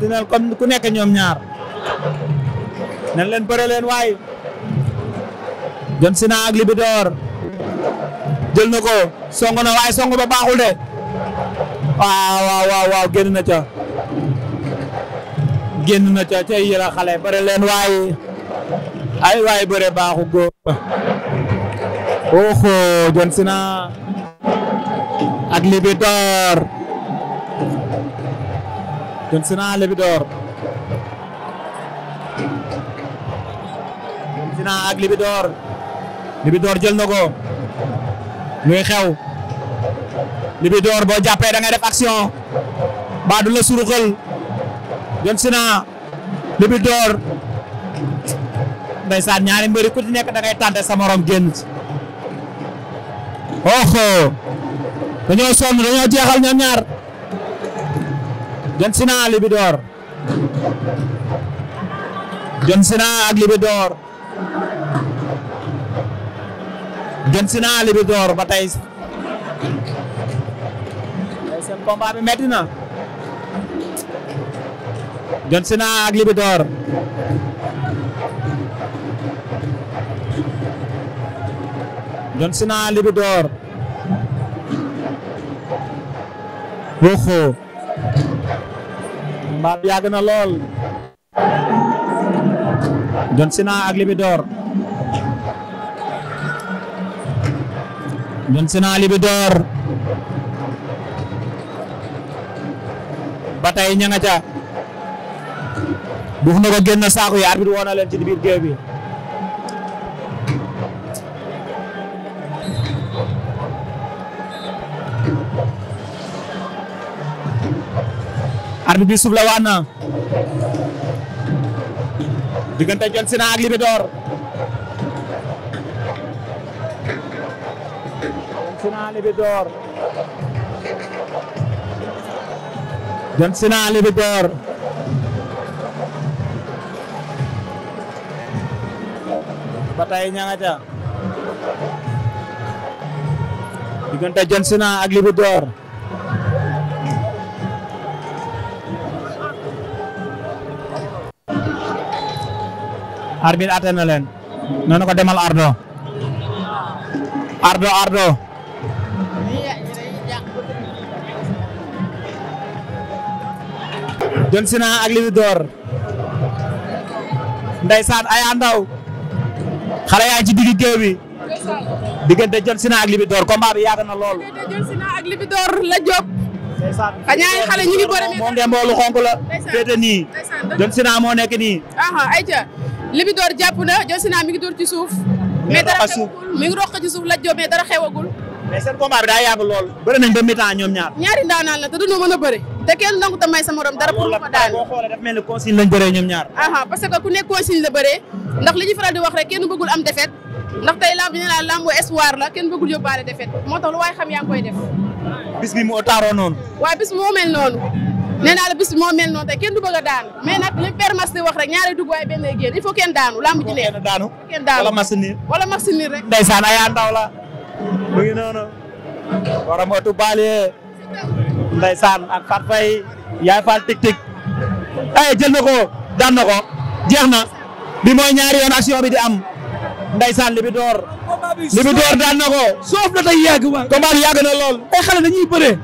dina comme ku nekk ñoom ñaar nañ leen bëre leen waay John sinaa ak Libidor jël na ko song na waaye song ba baaxul de waaw waaw waaw waaw na ca génn na ca ca yëla xale bëre leen waay ay waay bëre baaxu góor oxo John Sina ak John Sina Libidor John Sina ak Libidor Libidor jël na ko luy xew Libidor boo jàppee da ngay def action ba du la suruxal John Sina Libidor ndeysaan ñaari mbëri ku ci nekk da ngay tànte sa oho dañoo sonn dañoo jeexal ñoom ñaar Johnsina Libidor Johnsina ak Libidor Johnsina Libidor ba tey seen combat bi metti na Johnsina ak Libidor Johnsina Libidor oho combat bi yàgg na lool John sinaa ak Libidor John Sina Libidor ba tey ña nga ca buux na ko génn saako yi arbitre woon na leen ci biir géew bi arbitre bi suuf la waat na diggante ak Libidor John Sina Libidor John Sina Libidor ba tey ña nga ca diggante John Sina ak Libidor arbitre atte na leen ko demal ardo ardo ardo John Sina ak Liss d'Or ndeysaan ay andaw xale yaa ngi ci digg géew bi diggante John Sina ak Liss d'Or combat bi yàgg na lool. John Sina ak Liss d'Or la jóg. ñaari xale ñu ngi bëri moom de mboolu xonk la féete nii John Sina moo nekk nii. Libidor jàpp na Josina mi ngi dóor ci suuf. mais dara xewagul mi ngi roq nañ ba mi ñoom ñaar. ñaari ndaanaan la te duñu mën a bëri. te kenn nangu ta sa morom dara pour ndax li ñu faral di wax rek kenn bëggul am defet ndax tey lamb ñu ne la lambu espoir la kenn bëggul yóbbaale defet moo tax lu waaye xam yaa ngi def. bis bi moo taaroo noonu. waaw bis moo mel noonu nee naa la bis bi moo mel noonu tey kenn du bëgg a daanu mais nag li père Mass di wax rek ñaari dugg waaye benn génn il faut kenn daanu lamb ji neex daanu kenn daanu wala Mass ayaa ndaw la mu ngi noonu waram atu baale ndeysaan ak Fat Faye yaay Fall tik tik ay eh, jël na daan na ko bi mooy ñaari yoon action bi di am ndeysaan li bi door li door daan na ko soof na tey yàgg waaye combat bi yàgg na lool ay xale dañuy bëree